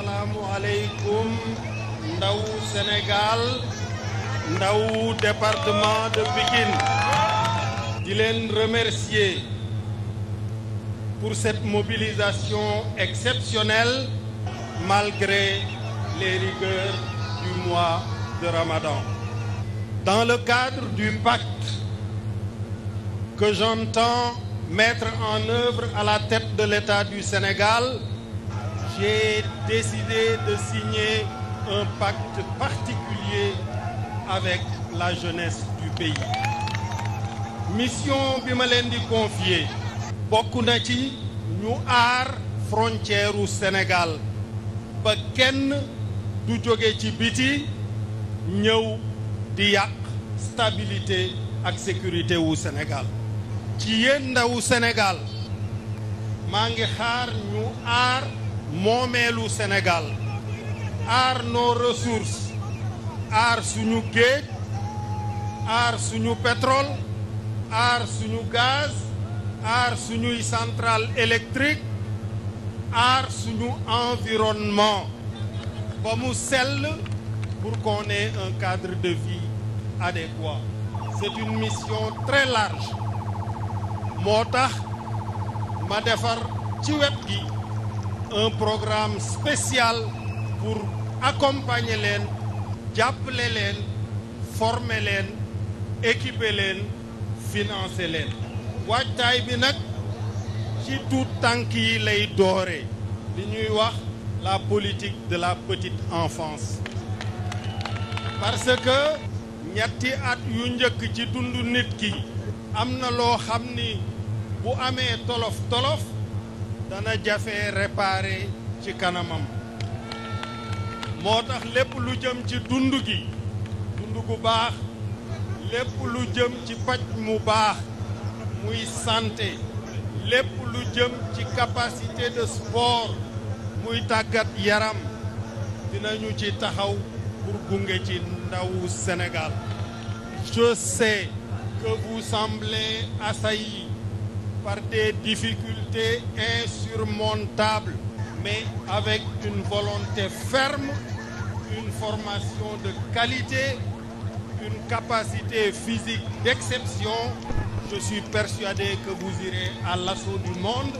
asalaamualeykum ndaw Sénégal ndaw département de Pikine di leen pour cette mobilisation exceptionnelle malgré les rigueurs du mois de Ramadan. Dans le cadre du pacte que j'entends mettre en œuvre à la tête de l'État du Sénégal, j'ai décidé de signer un pacte particulier avec la jeunesse du pays mission bi ma leen di confier bokk na ci ñu aar frontière u Sénégal ba kenn du joge ci biti ñëw di yàq stabilité ak sécurité wu Sénégal ci yéen ndawu Sénégal maa ngi xaar ñu aar moomeelu Sénégal aar nos ressources aar suñu géej aar suñu pétrole aar suñu gaz aar suñuy central électrique aar suñu environnement ba mu sell pour qu'on ait un cadre de vie adéquat c'est une mission très large moo tax ma defar ci wet gi un programme spécial pour accompagner leen jàppale leen former leen équiper leen financer leen waajtaay bi nag ci tuut tànk yi lay doore li ñuy wax la politique de la petite enfance parce que ñetti at yu njëkk ci dund nit ki am na loo xam ni bu amee tolof tolof dana jafe repare ci kanamam moo tax lépp lu jëm ci dund gi dund gu baax lépp lu jëm ci paj mu baax muy santé lépp lu jëm ci capacité de sport muy tàggat yaram dinañu ci taxaw pour gunge ci ndawu Sénégal je sais que vous par des difficultés insurmontables, mais avec une volonté ferme, une formation de qualité, une capacité physique d'exception. Je suis persuadé que vous irez à l'assaut du monde.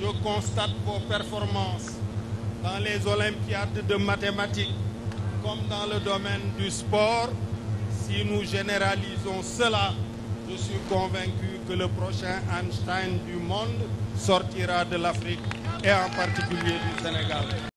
Je constate vos performances dans les Olympiades de mathématiques comme dans le domaine du sport. Si nous généralisons cela, je suis convaincu que le prochain Einstein du monde sortira de l'Afrique et en particulier du Sénégal.